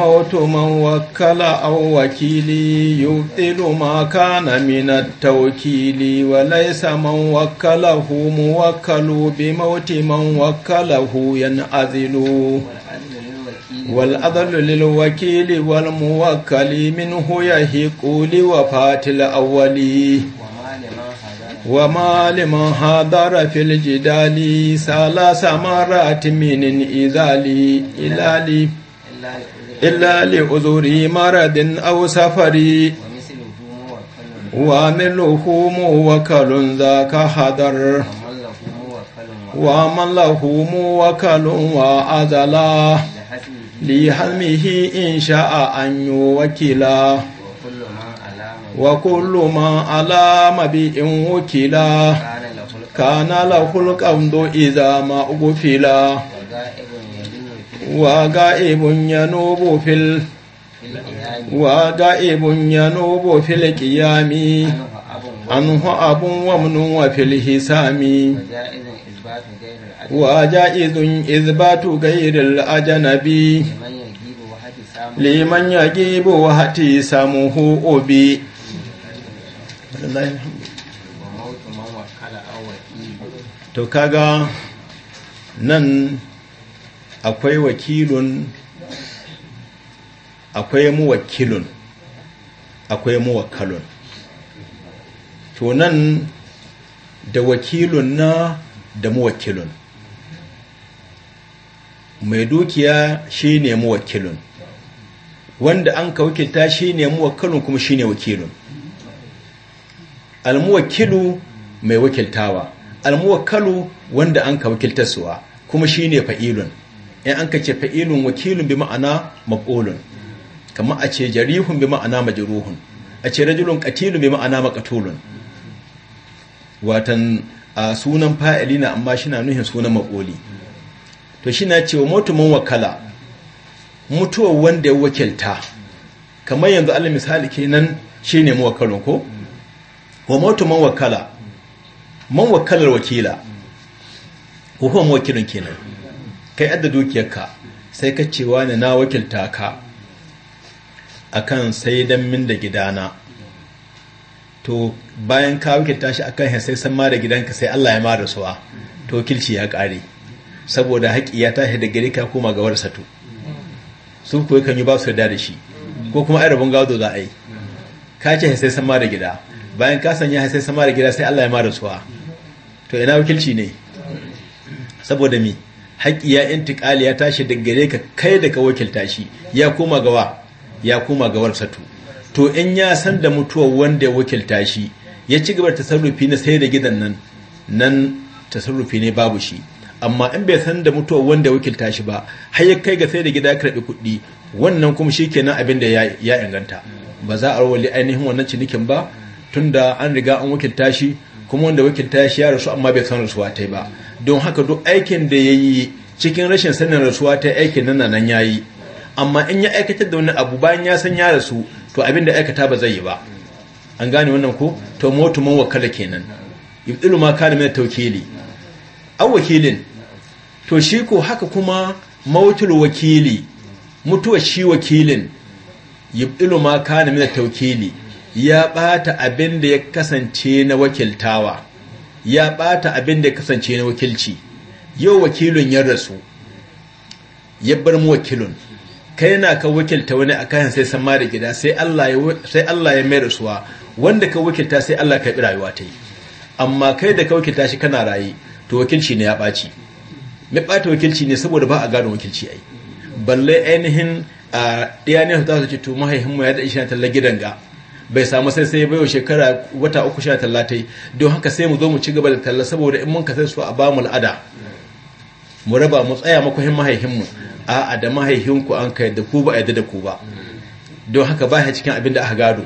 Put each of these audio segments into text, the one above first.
موت من وكل أو وكيلي يبطل ما كان من التوكيل وليس من وكله موكل بموت من وكله ينعزل والأذل للوكيل والموكل منه يهق لوفاة الأول وما لمن حضر في الجدال ثلاث مرات من إذالي إلالي illa li uzuri maradin aw safari wa min luhumu wa kalun za ka hadar wa man luhumu wa kalun wa azala li halmihi in sha a yu wakila wa kullu ma alama bi in wakila kana lahul qamdu iza ma ugfila وغائب ينوب في ال... وغائب ينوب في القيام عنه أب ومن وفي الحسام وجائز إثبات غير الأجنبي liman ya gibo wa hati samu hu obi to kaga nan akwai wakilun akwai mu wakilun akwai mu to nan da wakilun na da mu wakilun mai dukiya shine wakilun wanda an ka wakilta shine wakilun kuma shine wakilun almuwakkilu mai wakiltawa almuwakkalu wanda an ka suwa kuma shine fa'ilun in an ka ce fa'ilun wakilun bi ma'ana maƙolun kamar a ce jarihun bi ma'ana majiruhun a ce rajulun ƙatilun bi ma'ana maqtulun watan a sunan fa'ili na amma shi na nuhin sunan maƙoli to shi na ce wa motumin wakala mutuwar wanda ya wakilta kamar yanzu alal misali kenan ne muwakkalin ko wa mutumin wakala man wakalar wakila ko kuma muwakkilin kenan kai adda dukiyarka sai ka cewa ne na wakilta ka kan sai don min da gidana to bayan ka wakilta shi kan sai san ma da gidanka sai Allah ya mara suwa to kilci ya kare saboda haƙi ya tashi da gari ka koma ga warsa to su kuwa kan yi ba su yarda da shi ko kuma ai rabon gado za a yi ka ce sai san ma da gida bayan ka sanya sai san ma da gida sai Allah ya mara suwa to ina wakilci ne saboda mi haƙƙi ya intiƙali ya tashi daga gare ka kai da ka wakilta shi ya koma gawa ya koma gawar satu to in ya san da mutuwar wanda ya wakilta shi ya ci gaba tasarrufi na sai da gidan nan nan tasarrufi ne babu shi amma in bai san da mutuwar wanda ya wakilta shi ba har ya kai ga sai da gida ya karɓi kuɗi wannan kuma shi kenan abin da ya inganta ba za a rawali ainihin wannan cinikin ba tunda an riga an wakilta shi kuma wanda wakilta shi ya rasu amma bai san rasuwa ta ba don haka duk aikin da ya yi cikin rashin sanin rasuwa ta aikin nan nan ya yi amma in ya aikata da wani abu bayan ya san ya rasu to abin da aikata ba zai yi ba an gane wannan ko to motu man wakala kenan yubdilu ma kana min tawkili aw wakilin to shi ko haka kuma mautul wakili mutuwa shi wakilin yubdilu ma kana min tawkili ya ɓata abin da ya kasance na wakiltawa ya ɓata abin da ya kasance na wakilci yau wakilun ya rasu ya bar mu wakilun kai na ka wakilta wani a kayan sai sama da gida sai Allah ya mai rasuwa wanda ka wakilta sai Allah ka bi rayuwa ta yi amma kai da ka wakilta shi kana raye to wakilci ne ya ɓaci mai ɓata wakilci ne saboda ba a gano wakilci ai balle ainihin a ɗaya ne ta ce to mahaihinmu ya da ishe na talla gidan ga bai samu sai sai bayo shekara wata uku sha tallatai don haka sai mu zo mu ci gaba da talla saboda in mun kasar su a ba mu al'ada mu raba mu tsaya makwahin mahaihinmu a a da mahaihinku an ka yadda ku ba a yadda da ku ba don haka ba ya cikin abin da aka gado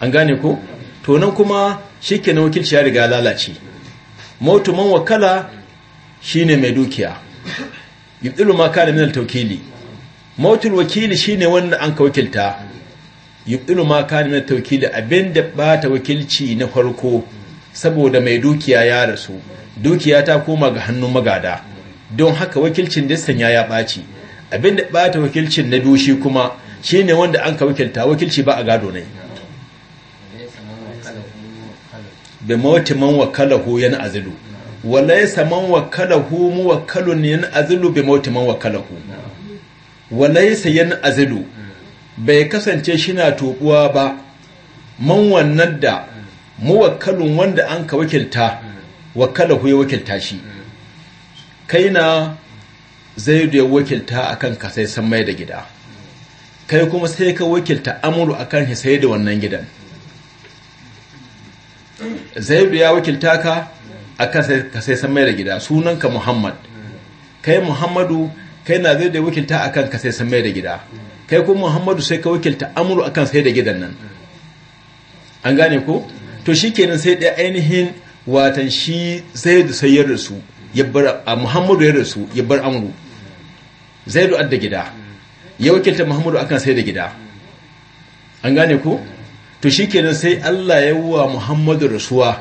an gane ko to nan kuma shi ke na wakilci ya riga lalace mautu wakala shi ne mai dukiya yubdilu ma kana min al-tawkili mautul wakili shine wanda an ka wakilta yubdilu ma kana min abin abinda bata wakilci na farko saboda mai dukiya ya rasu dukiya ta koma ga hannun magada don haka wakilcin da sanya ya baci da bata wakilcin na dushi kuma shine wanda an ka wakilta wakilci ba a gado ne bi man wakalahu yan yan man wakalahu bai kasance shina tobuwa ba man wannan da muwakkalin wanda an ka wakilta wakala ya wakilta shi kai na zai ya wakilta akan kan kasai san mai da gida kai kuma sai ka wakilta amuru akan shi sai da wannan gidan zai ya wakilta ka akan kan ka san mai da gida sunanka muhammad kai muhammadu kai na zai da wakilta akan ka sai san mai da gida kai kuma muhammadu sai ka wakilta amuru akan sai da gidan nan an gane ko to shikenan sai da ainihin watan shi zai da sayar da su muhammadu ya rasu ya bar amuru zai da adda gida ya wakilta muhammadu akan sai da gida an gane ko to shikenan sai Allah ya wa muhammadu rasuwa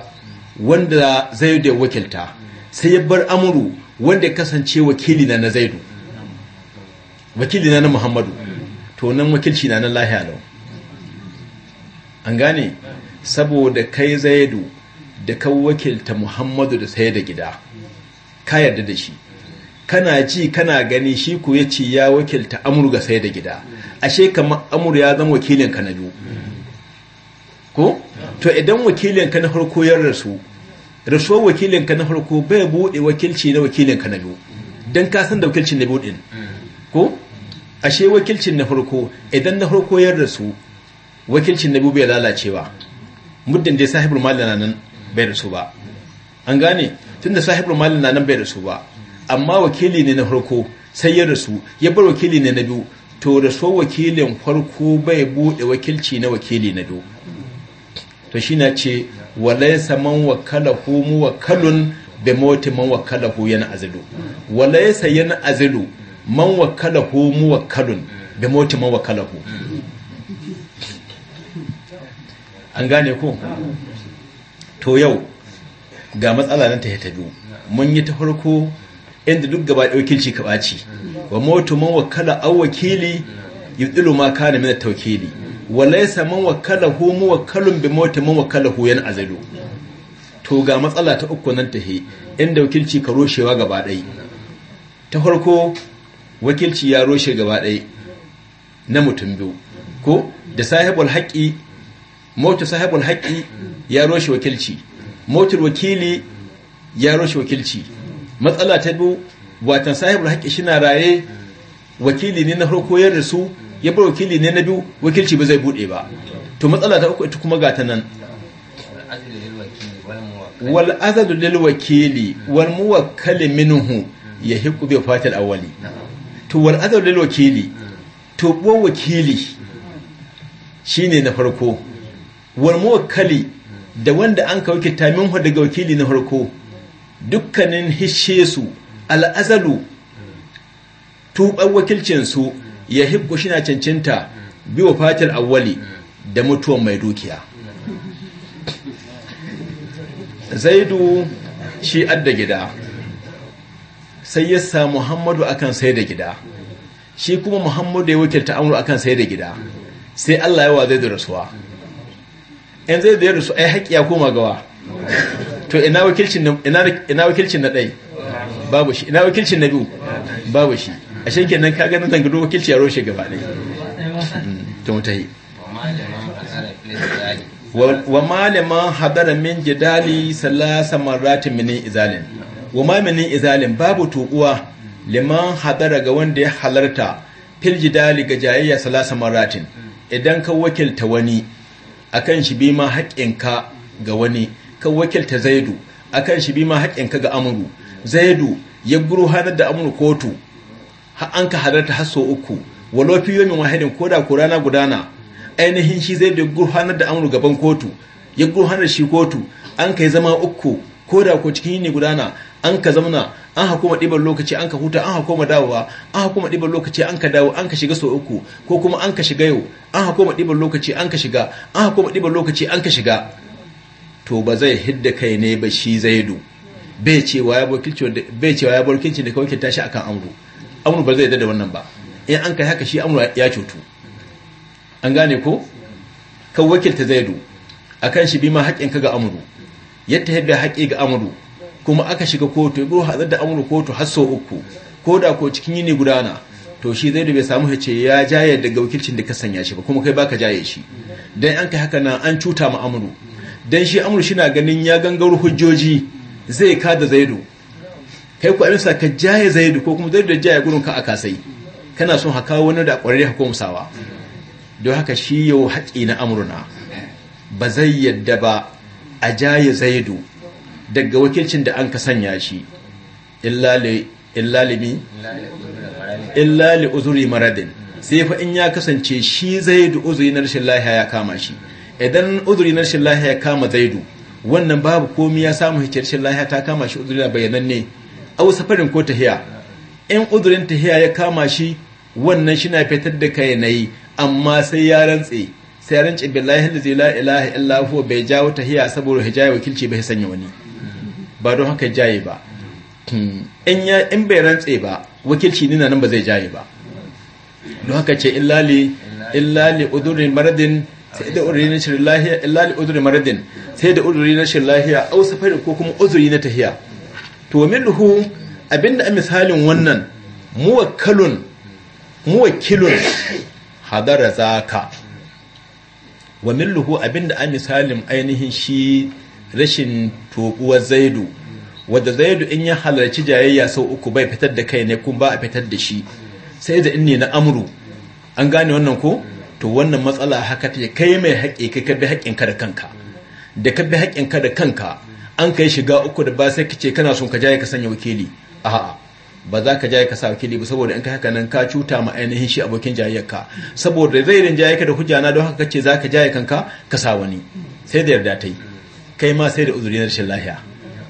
wanda zai da wakilta sai ya bar amuru wanda kasance wakili na na zaidu wakili na na muhammadu to nan wakilci na na lahiya lau an gane saboda kai zaidu da kan wakilta muhammadu da sai da gida ka yarda da shi kana ji kana gani shi ku ya ce ya wakilta amur ga sai da gida ashe kamar amur ya zama wakilinka na biyu ko to idan wakilinka na farko ya rasu rasuwar wakilinka na farko bai buɗe wakilci na wakilinka na biyu don ka san da wakilci na biyu ɗin ko ashe wakilcin na farko idan na farko ya rasu wakilcin na biyu bai lalace ba muddin dai sahibul mali na nan bai rasu ba an gane tunda sahibul mali na nan bai rasu ba amma wakili ne na farko sai ya rasu ya bar wakili ne na biyu to rasuwar wakilin farko bai bude wakilci na wakili na biyu to shi na ce walaisa man wakala ko mu wakalun bai man wakala ko yana azilu walaisa yana azilu man wakalahu wakalun bi moti man wakalahu an gane ko to yau ga matsala nan ta ta biyu mun yi ta farko inda duk gaba ɗaukilci ka ɓaci wa mautu man wakala an wakili yudilu ma kana min tawkili wa laysa man wakalahu wakalun bi moti man wakalahu yan azalu to ga matsala ta uku nan ta he inda wakilci ka roshewa gaba ɗaya ta farko wakilci ya roshe gaba ɗaya na mutum biyu ko da sahibul haƙi mautu sahibul haƙi ya roshe wakilci motar wakili ya roshe wakilci matsala ta biyu watan sahibul haƙi shi na raye wakili ne na harko ya rasu ya bar wakili ne na biyu wakilci ba zai buɗe ba to matsala ta uku ita kuma gata nan wal azalu lil wakili wal muwakkal minhu yahiqu bi fatil awwali to wal azar lil wakili to bo wakili ne na farko wal mawakali da wanda an ka wakilta hu daga wakili na farko dukkanin hishe su tuɓar tuban wakilcin su ya shi shina cancinta biyu fatar awwali da mutuwan mai dukiya zaidu shi adda gida sai ya sa muhammadu akan sai da gida shi kuma muhammadu ya wakilta amuru akan sai da gida sai allah ya wa zai da rasuwa in zai da rasu ai haƙi ya koma gawa to ina wakilcin na ɗai babu shi ina wakilcin na biyu babu shi a shi nan ka nan zangaro wakilci ya roshe gaba ne ta mutahi mm, wa malaman hadara min jidali salasa maratin mini izalin wa maminin izalin babu tuƙuwa liman hadara ga wanda ya halarta filji dali ga jayayya salasa maratin idan ka wakilta wani akan shi bi ma haƙƙinka ga wani ka wakilta zaidu akan shi bi ma haƙƙinka ga amuru zaidu ya guru hanar da amuru kotu an ka halarta har sau uku walau fi yomin wahidin koda ko rana gudana ainihin shi zai da gurfanar da amuru gaban kotu ya gurfanar shi kotu an kai zama uku ko da ko cikin yini gudana an ka zamana an hakuma ɗiban lokaci an ka huta an hakuma dawowa an hakuma ɗiban lokaci an ka dawo an ka shiga sau uku ko kuma an ka shiga yau an hakuma ɗiban lokaci an ka shiga an hakuma ɗiban lokaci an ka shiga to ba zai hidda kai ne ba shi zaidu bai cewa ya barkinci da kawai tashi shi akan amru amru ba zai da wannan ba in an ka haka shi amru ya cutu an gane ko ka wakilta zaidu akan shi bi ma haƙƙinka ga amru yadda hidda haƙƙi ga amru kuma aka shiga kotu ibro hazar da amuru kotu har sau uku ko da ko cikin yini gudana to shi zai da bai samu hace ya jaye daga wakilcin da ka sanya shi ba kuma kai baka jaye shi dan an kai haka nan an cuta ma amuru dan shi amuru shi na ganin ya gangar hujjoji zai kada zaidu kai ku amsa ka jaye zaidu ko kuma zaidu da jaye gurin ka aka sai kana son haka wani da kwararre hukumsawa don haka shi yau haƙi na amurna ba zai yadda ba a jaye zaidu daga wakilcin da an ka sanya shi illa li uzuri maradin sai fa in ya kasance shi zaidu uzuri na rashin lahiya ya kama shi idan uzuri na rashin lahiya ya kama zaidu wannan babu komi ya samu hikiyar rashin lahiya ta kama shi uzuri na ne. au safarin ko tahiya in uzurin tahiya ya kama shi wannan shi na fitar da kai na yi amma sai ya rantse sai ya rantse da zai ilaha illa huwa bai jawo tahiya saboda hijaya wakilci bai sanya wani ba don haka jaye ba in bai rantse ba wakilci nina nan ba zai jaye ba don haka ce illali illali udurin maradin sai da udurin na shirin lahiya illali udurin maradin sai da uduri na shirin lahiya au safari ko kuma uzuri na tahiya to min duhu abinda a misalin wannan muwakkalun muwakkilun hadara zaka wa min luhu abinda a misalin ainihin shi rashin tobuwar zaidu wadda zaidu in ya halarci jayayya sau uku bai fitar da kai ne kun ba a fitar da shi sai da inni na amru an gane wannan ko to wannan matsala haka ta kai mai haƙƙi kai ka bi haƙƙinka da kanka da ka bi haƙƙinka da kanka an kai shiga uku da ba sai ka ce kana son ka jaye ka sanya wakili a'a ba za ka jaye ka sa wakili ba saboda in ka haka nan ka cuta ma ainihin shi abokin jayayyarka saboda zai rin jayayyarka da hujjana na don haka ka ce za ka jaye kanka ka sa wani sai da yarda ta yi kai ma sai da uzuri na rashin lahiya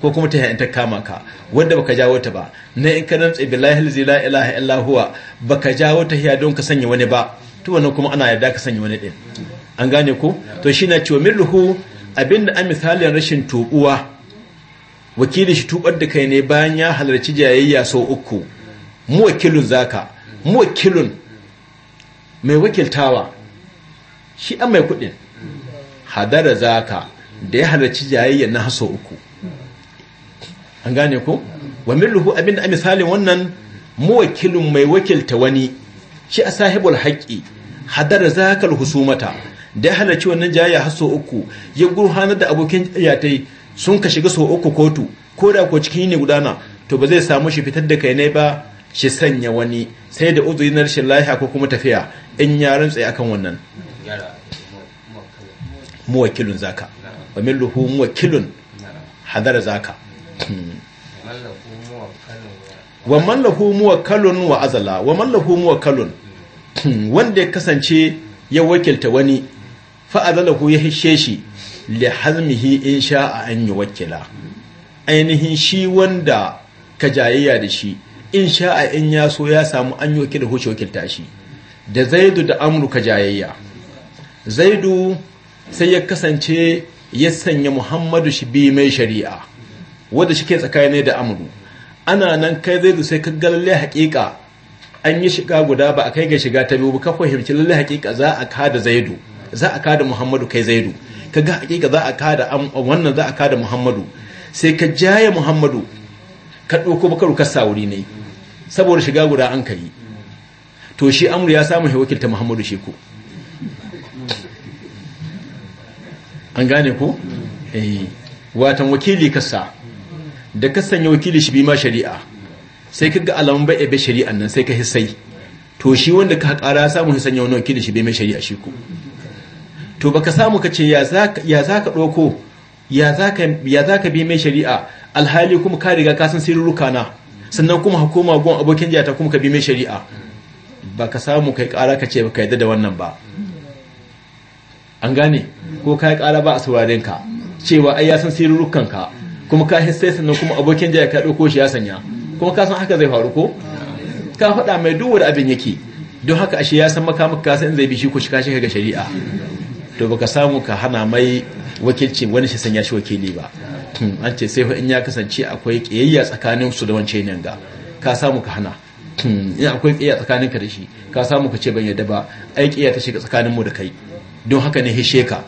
ko kuma ta in ta kama ka wanda baka jawo ta ba na in ka rantsa billahi la ilaha illa huwa baka jawo ta hiya don ka sanya wani ba to wannan kuma ana yarda ka sanya wani din an gane ku? to shi na cewa mirruhu abinda an misalin rashin tubuwa wakili shi tubar da kai ne bayan ya halarci jayayya sau uku mu wakilun zaka mu wakilun mai wakiltawa shi an mai kudin hadara zaka da ya halarci jayayya na haso uku an gane ku? wa milluhu abinda a misalin wannan muwakilin mai wakilta wani shi a sahibul haƙƙi hadar zakal husumata da ya halarci wannan jayayya haso uku ya gurhanar da abokin yatai sun ka shiga so uku kotu ko da ko cikin ne gudana to ba zai samu shi fitar da kai ne ba shi sanya wani sai da uzuri na rashin lafiya ko kuma tafiya in ya rantsa akan wannan muwakilun zaka wa milluhu muwakkilun hadar zaka wa mallahu muwakkalun wa azala wa mallahu muwakkalun wanda ya kasance ya wakilta wani fa'adalahu ya hishe shi li hazmihi in sha'a an yi wakila ainihin shi wanda ka jayayya da shi in sha'a in ya so ya samu an yi wakil da huce wakilta shi da zaidu da ka jayayya zaidu sai ya kasance ya sanya muhammadu shi bi mai shari'a wadda shi ke tsakani da amuru ana nan kai zai sai ka ga lalle haƙiƙa an yi shiga guda ba a kai ga shiga ta biyu ka fahimci lalle haƙiƙa za a kada zaidu za a kada muhammadu kai zaidu ka ga haƙiƙa za a kada wannan za a kada muhammadu sai ka jaye muhammadu ka ɗauko bakaru sa wuri ne saboda shiga guda an kai to shi amuru ya samu wakilta muhammadu shi ko an gane ko eh watan wakili kasa da ka sanya wakili shi bi ma shari'a sai kaga alamun bai ebe shari'an nan sai ka hissai to shi wanda ka kara samu ya sanya wakili shi bai shari'a shi ku to baka samu ka ce ya za ka ɗauko ya za ka bi mai shari'a alhali kuma ka riga kasan sirruka na sannan kuma hukuma gon abokin jata kuma ka bi mai shari'a baka samu kai kara ka ce baka yadda da wannan ba an gane ko ka yi ƙara ba a sauraren ka cewa ai ya san sirrukan ka kuma ka hissai sannan kuma abokin jaya ka ɗauko shi ya sanya kuma ka san haka zai faru ko ka faɗa mai duk wani abin yake don haka ashe ya san maka maka ka san zai bi shi ko shi ka ga shari'a to baka samu ka hana mai wakilci wani shi sanya shi wakili ba hmm, an ce sai in ya kasance akwai ƙiyayya tsakanin su da wancan nan ga ka samu ka hana hmm, in akwai ƙiyayya ka da shi ka samu ka ce ban yadda ba ai ƙiyayya ta shiga tsakanin mu da kai don haka ne hishe ka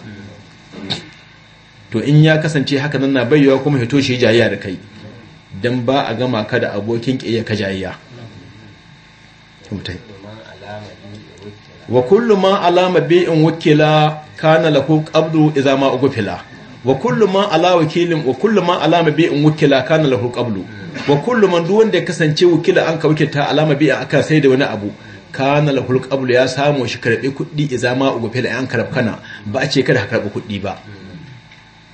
to in ya kasance haka nan na bayyawa kuma hito shi jayayya da kai don ba a gama ka da abokin ƙiyya ka jayayya wa kullu ma alama in wakila kana lahu qabdu idza ma ugfila wa kullu ma ala wakilin wa kullu ma alama in wakila kana lahu qablu wa kullu man duk wanda ya kasance wakila an ka wakilta alama bi aka sai da wani abu kana lahul qablu ya samu shi karbe kudi ya zama ugufe da an karabkana ba a ce kada ka karbi kuɗi ba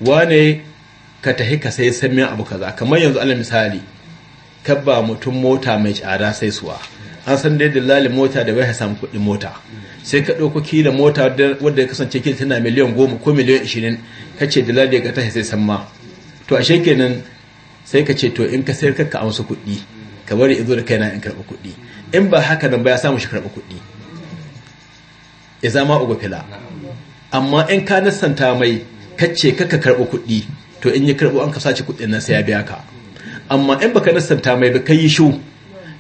wane ka tahi ka sai san abu kaza kamar yanzu ala misali kaba mutum mota mai tsada sai suwa an san dai dalilin mota da bai samu kuɗin mota sai ka dauko kila mota wadda ya kasance kila tana miliyan goma ko miliyan 20 kace dalilin ka tahi sai san ma to ashe kenan sai ka ce to in ka sayar ka amsa kudi ka bari izo da kaina in karbi kuɗi. in ba haka nan ba ya samu shi karɓi kuɗi ya zama ugufila amma in ka nisanta mai kacce kaka karɓi kuɗi to in ya karɓi an ka sace kuɗin nan sai ya biya ka amma in baka nisanta mai ba yi shu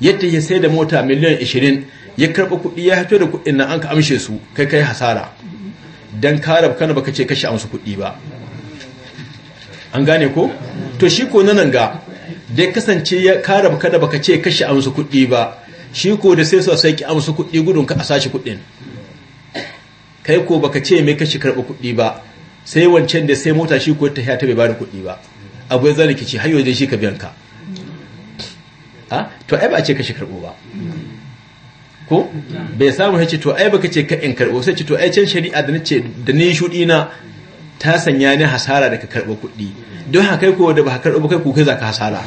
yadda ya sai da mota miliyan 20 ya karɓi kuɗi ya hato da kuɗin na an ka amshe su kai kai hasara don karab kana ka ce kashi amsu kuɗi ba an gane ko to shi ko nan ga dai kasance ya karab kana baka ce kashi amsu kuɗi ba shi ko da sai su sai ki amsa kuɗi gudun ka a sashi kuɗin kai ko baka ce me kashi karɓa kuɗi ba sai wancan da sai mota shi ko ta ya ta bai bada kuɗi ba abu zan rikici hayo da shi ka biyan ka a ah, to ai ba a ce kashi karɓo ba ko bai samu ya ce to ai baka ce ka in karɓo sai ce to ai can shari'a da nace da ni shudi na ta sanya ni hasara da ka karɓo kuɗi don haka kai ko da ba ka karɓo kai ko kai za ka hasara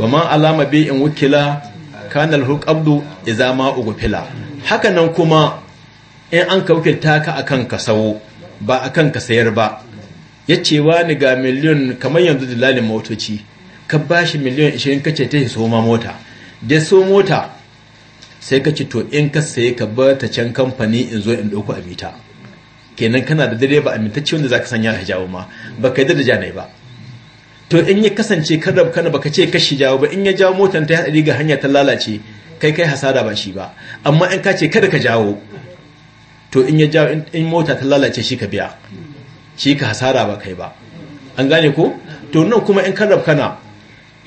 wa alama bi in wukila kana al-huqabdu idza ma ugfila haka nan kuma in an ka wukilta ka akan ka sawo ba akan ka sayar ba yace wa ni ga miliyon kamar yanzu dilalin motoci ka bashi miliyon 20 kace ta so ma mota da so mota sai ka ci to in ka saye ka bar ta can kamfani in zo in dauko abita kenan kana da direba amintacce wanda zaka sanya hijabu ma baka yi da janai ba to in ya kasance kada kana baka ce kashi jawo ba in ya jawo motar ta hadari ga hanya ta lalace kai kai hasara ba shi ba amma in ka ce kada ka jawo to in ya jawo in mota ta lalace shi ka biya shi ka hasara ba kai ba an gane ko to nan kuma in karab kana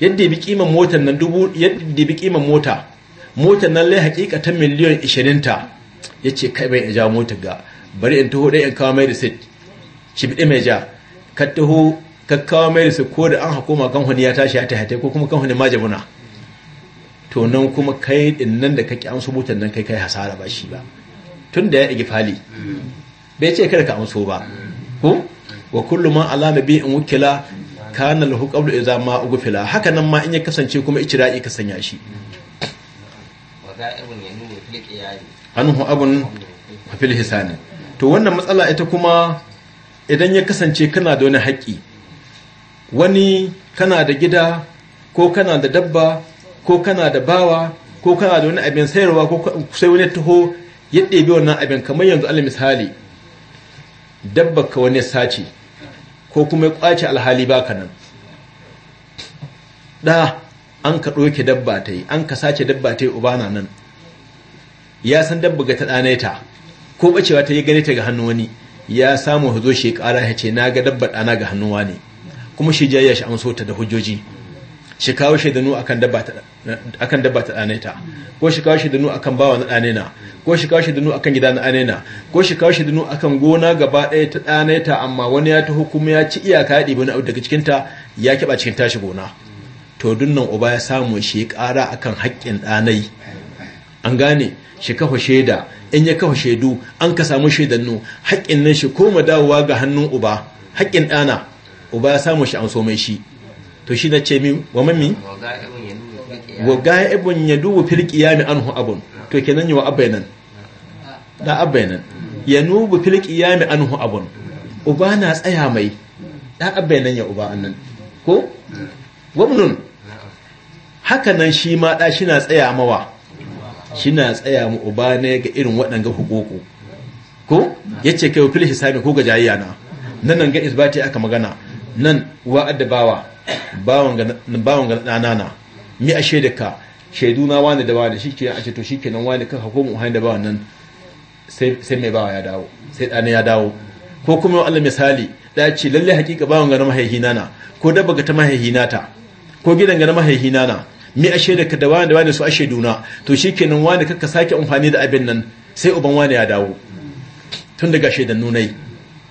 yadda bi kiman motan nan dubu yadda bi kiman mota motan nan lai hakikatan miliyan 20 ta yace kai bai jawo motar ga bari in taho dai in kawo mai receipt shi bi mai ja ka taho kakkawa mai su ko da an hukuma kanhuni ya tashi ya tahaita ko kuma kanhuni ma jabuna to nan kuma kai din nan da kake amsu subutan nan kai kai hasara ba shi ba tun da ya ɗigi fali bai ce kada ka amso ba ko wa kullu ma alama nabi in wukila kana lahu qablu idza ma ugfila haka nan ma in ya kasance kuma icra'i ka sanya shi anhu abun fil hisani to wannan matsala ita kuma idan ya kasance kana da wani haƙƙi wani kana da gida ko kana da dabba ko kana da bawa ko kana da wani abin sayarwa ko sai wani taho ya ɗebe wannan abin kamar yanzu ala misali dabba ka wani sace ko kuma ya ƙwace alhali baka nan da an ka ɗoke dabba ta yi an ka sace dabba ta yi ubana nan ya san dabba ga ta ɗanai ta ko ɓacewa ta yi gane ta ga hannu wani ya samu hazo shekara ƙara ya ce na ga dabba ɗana ga hannuwa ne kuma shi jayya shi amso ta da hujjoji shi kawo shaidanu akan dabba ta ɗane ta ko shi kawo shaidanu akan bawa na ɗane na ko shi kawo shaidanu akan gida na ɗane na ko shi kawo shaidanu akan gona gaba ɗaya ta ɗane amma wani ya taho kuma ya ci iyaka ya ɗibi na daga cikinta ya kiɓa cikin tashi gona to dunnan uba ya samu shi ƙara akan haƙƙin ɗanai an gane shi kafa shaida in ya kafa shaidu an ka samu shaidannu haƙƙin nan shi koma dawowa ga hannun uba haƙƙin ɗana uba ya samu shi an so mai shi to shi na ce min wa mammi wa ga'ibun yadubu fil qiyam anhu abun to kenan yi wa abainan da abainan yanubu fil qiyam anhu abun uba na tsaya mai da abainan ya uba annan ko wabnun haka nan shi ma da shi na tsaya mawa shi na tsaya mu uba ne ga irin waɗanga hukuku ko yace kai fil hisabi ko ga jayya na nan nan ga isbati aka magana nan wa addabawa bawa bawon ga ɗanana mi a ka shaidu na wani da wani shike a ceto shike nan wani kan hako mu da bawon nan sai mai bawa ya dawo sai ɗana ya dawo ko kuma Allah misali ɗaya ce lalle hakika bawon ga na mahaihina na ko dabba ga ta mahaihina ta ko gidan ga na mahaihina na mi a ka da wani da wani su a na to shike nan wani ka sake amfani da abin nan sai uban wani ya dawo tun daga shaidan nunai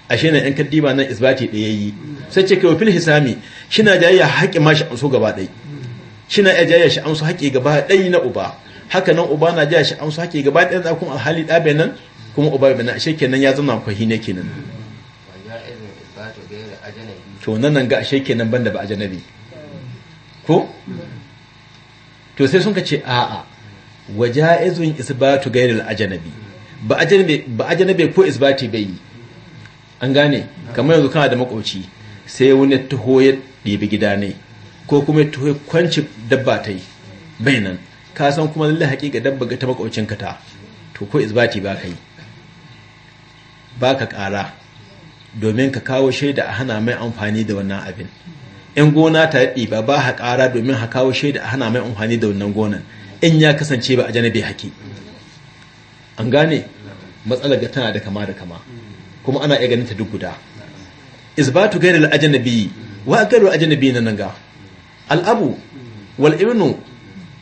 ashe na yan kaddiba nan isbati ɗaya yi sai ce kai hisami hisami na jayayya haƙi ma shi amsu gaba ɗai na ya jayayya shi amsu haƙi gaba ɗai na uba haka nan uba na jayayya shi amsu haƙi gaba ɗai na kuma alhali ɗabe nan kuma uba bai nan ashe kenan ya zama kwahi ne kenan to nan nan ga ashe kenan banda ba ajanabi ko to sai sun ka ce a'a waja'izun isbatu gairil ajanabi ba ajanabi ko isbati bai yi an gane kamar yanzu kana da makwauci sai wani taho ya ɗebi gida ne ko kuma ya taho ya kwanci dabba ta yi bai nan ka san kuma lallai haƙiƙa dabba ga ta ka ta to ko isbati ba ka yi ba ka ƙara domin ka kawo shaida a hana mai amfani da wannan abin in gona ta yi ba ba ha ƙara domin ha kawo shaida a hana mai amfani da wannan gonan in ya kasance ba a janabe haƙi an gane matsalar ga tana da kama da kama kuma ana iya ganin ta duk guda isbatu gairil al'ajanabi wa al'ajanabi na nan ga al'abu wal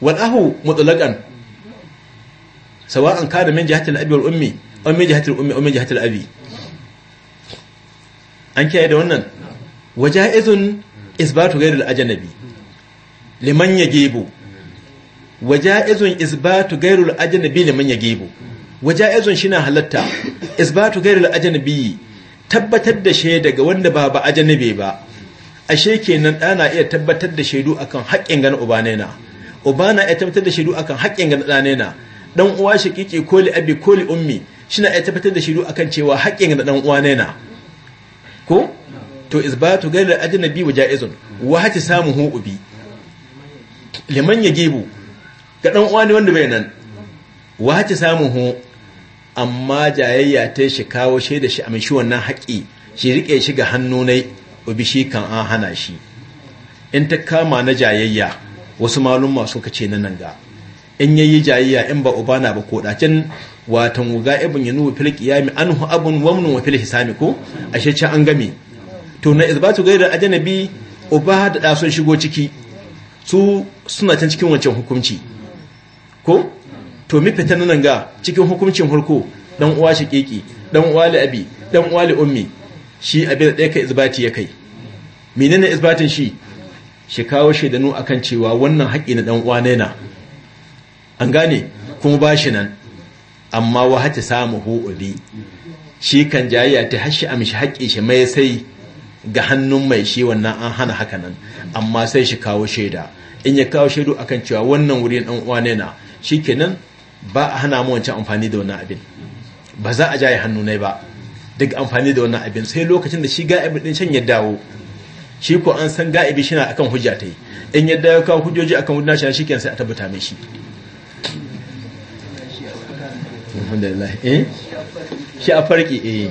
wal'ahu wal sawa an sawa'an min jihatil abi wal ummi aw min jihatil ummi an min jihatil abi an kiyaye da wannan waja'izun isbatu gairil al'ajanabi liman ya yajibu waja'izun isbatu gairil al'ajanabi liman yajibu waja'izun shi na halatta isbatu gairil ajanabi tabbatar da shi daga wanda ba ba ajanabe ba ashe kenan ɗana iya tabbatar da shaidu akan haƙƙin ganin ubanai na ubana iya tabbatar da shaidu akan haƙƙin ganin ɗanai na ɗan uwa shaƙiƙi ko li abi ko li ummi shina iya tabbatar da shaidu akan cewa haƙƙin ganin ɗan uwa na ko to isbatu gairil ajanabi waja'izun wa hati hu ubi liman yajibu ga ɗan uwa ne wanda bai nan wa hati hu? amma jayayya ta shi kawo shaida shi da shi wannan haƙi shi riƙe shi ga hannu ne ubi shi kan an hana shi in ta kama na jayayya wasu malum masu kace na nan ga in yayi jayayya in ba uba na ba ko dacin watan wuga ibn yanu fil qiyam anhu abun wamnu wa fil hisami ko ashe ce an game to na izbatu gairar ajnabi uba da da sun shigo ciki su suna can cikin wancan hukunci ko to mi fita nan ga cikin hukuncin hulku dan uwa shiqiqi dan uwa li abi dan uwa li ummi shi abin da ka isbati ya kai menene isbatin shi shi kawo shaidanu akan cewa wannan haƙi na dan uwa ne na an gane kuma ba shi nan amma wa hata samu hu'ubi shi kan jayya ta hashi amshi haƙi shi mai sai ga hannun mai shi wannan an hana haka nan amma sai shi kawo shaida in ya kawo shaidu akan cewa wannan wurin dan uwa ne na shikenan ba a hana mu wancan amfani da wannan abin ba za a jaye hannu ne ba duk amfani da wannan abin sai lokacin da shi ga'ibi din can ya dawo shi ko an san ga'ibi shi na akan hujja ta yi in ya dawo kawo hujjoji akan hujja shi shi sai a tabbata mai shi eh? shi a farki eh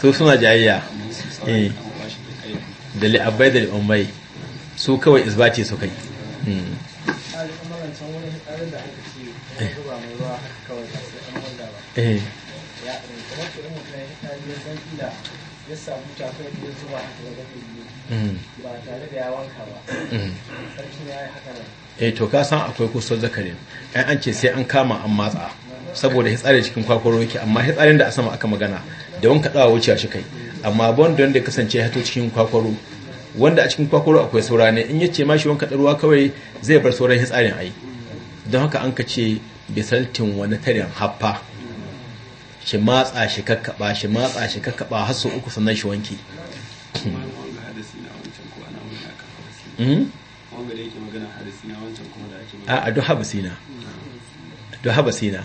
su suna jayayya eh dalil abai da li'ummai su kawai isbati su kai hmm. e wani tsarin da aka ce ya zuba mai ruwa kawai ba sai an wanda ba ya ya san ya samu tafiya zuba haka biyu ba tare da ya wanka ba sarki ya yi haka nan eh to ka san akwai kusur zakarin ai an ce sai an kama an matsa saboda hitsari cikin kwakwaro yake amma hitsarin da a sama aka magana da wanka ɗawa wuce shi kai amma ban da kasance ya hato cikin kwakwaro wanda a cikin kwakwaro akwai saura ne in ya ma shi wanka ruwa kawai zai bar sauran tsarin ai don haka an ka ce bisaltin wani tarin haffa shi matsa shi kakkaba shi matsa shi kakkaba har sau uku sannan shi wanki hmm? a duk habasina duk habasina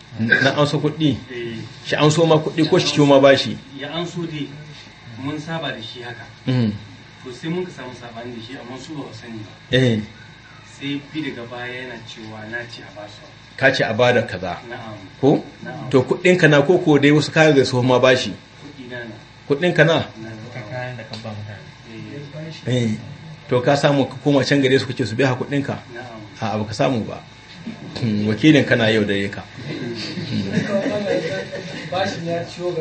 na an so kuɗi shi an so ma kuɗi ko shi ma bashi ya an so dai mun saba da shi haka mm. to sai mun ka samu sabani da shi amma su ba sani ba eh. sai bi daga baya yana cewa na ce a basu ka ce a bada kaza ko to kuɗin ka na ko ko dai wasu kayan da su ma bashi kuɗin ka na eh. Eh. to ka samu koma can gare su kace su biya kuɗin ka a abu ka samu ba Hmm, wakilin kana yau da yaka hmm? bashin ya ciwo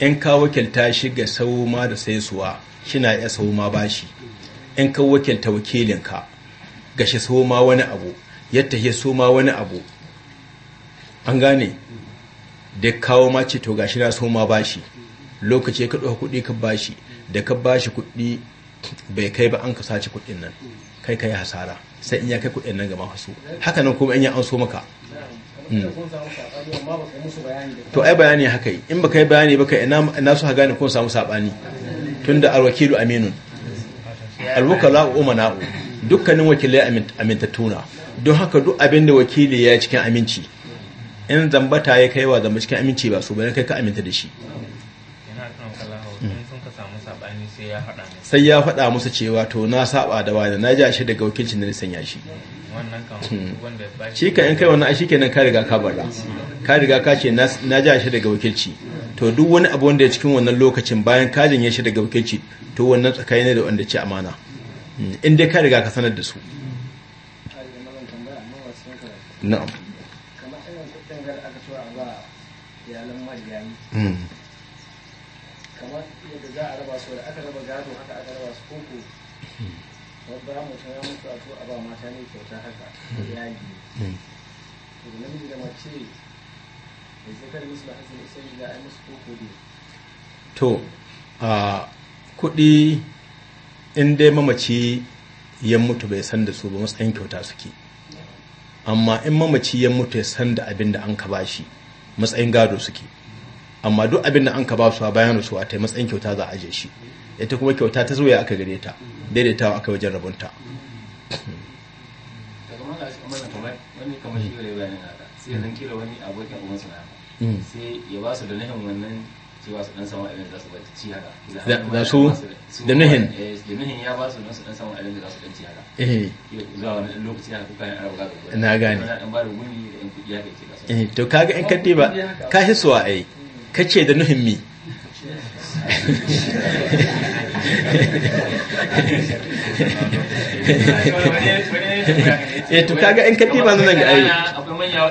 in ka wakilta shi ga sau ma da sai suwa na iya sau ma bashi in ka wakilta wakilin ka ga shi sau ma wani abu yadda ya so ma wani abu an gane da kawo ma ce to shi na so ma bashi lokaci ka ɗauka kuɗi ka bashi da ka bashi kuɗi bai kai ba an ka sace kuɗin nan kai kai hasara sai in ya kai kuɗin nan ga mahasu haka nan kuma in ya an so maka hmm. to ai bayani haka yi in ba kai bayani ba kai ina su gane kun samu sabani tunda alwakilu aminun alwukala umana dukkanin wakilai amintattuna don haka duk abin da wakili ya cikin aminci in zambata ya wa zamba cikin aminci ba su bane kai ka aminta da shi sai ya faɗa musu cewa to na saba da wani na ja shi daga wakilci na sanya shi hmm. shi ka in kai wani shi kenan ka riga ka bara ka riga ka ce na ja shi daga wakilci to duk wani abu wanda ya cikin wannan lokacin bayan ka janye shi daga wakilci to wannan tsakai ne da wanda ce amana hmm. in dai ka riga ka sanar da su na'am kamar gar aka a ba Hmm. Hmm. to a kuɗi in dai mamaci ya mutu bai san da su ba matsayin kyauta suke amma in mamaci ya mutu ya san da abin da an ka bashi matsayin gado suke amma duk abin da an ka ba su a bayan su a ta matsayin kyauta za a aje shi ita kuma kyauta ta zuwa aka gare ta daidaitawa aka wajen rabonta hmm. kamar a cikin mana kamar wani kamar shi yau bayanin haka sai wani abokin hmm. sai ya ba su da nahin wannan cewa su dan samu abin da za su ci haka da su da nahin da nahin ya ba su dan su dan eh, samu abin da za su dan ci haka eh. zuwa wani lokaci haka kuka yin ga na gane da yan haka kasa eh, to kaga in ka ba ka hisuwa ai kace da nuhin mi eh to kaga in ka diba nan ga ai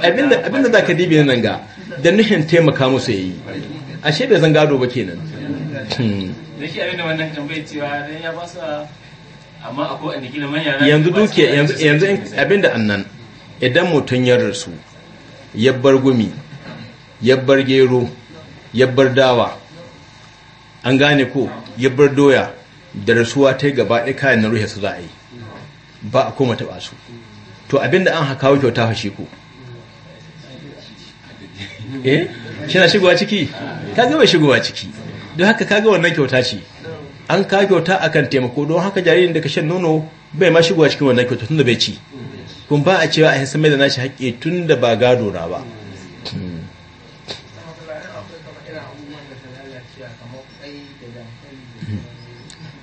abinda abinda zaka dibe nan ga da nuhin taimaka musu yayi ashe bai zan gado ba kenan da shi abinda wannan tambayar an gina yanzu duke yanzu abinda annan idan mutum ya rasu ya bar gumi ya bar gero ya bar dawa an gane ko ya bar doya da rasuwa ta gaba ɗaya kayan na ruhe su za a yi ba a koma taba su to abinda an haka kyauta fashe ku eh shi na shigowa ciki ka gaba shigowa ciki don haka kaga wannan kyauta ce an kawo kyauta akan taimako don haka jaririn da ka shan nono bai ma shigowa cikin wannan kyauta tun da bai ci kun ba a cewa a yi mai da nashi haƙƙi tun da ba gado na ba hmm.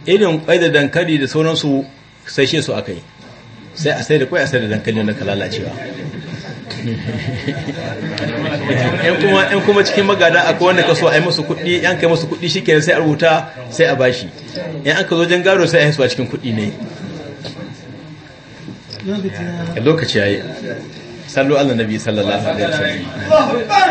irin kwai da dankali da sauransu sai shi su aka yi sai a sai da kwai a sai da dankali na kalalacewa yan kuma cikin magada a kowane kaso a yi masu kudi yan kai masu kudi shi sai a rubuta sai a bashi yan aka zo jan garo sai a yi su a cikin kudi ne lokaci ya yi sallu allah nabi sallallahu alaihi wasallam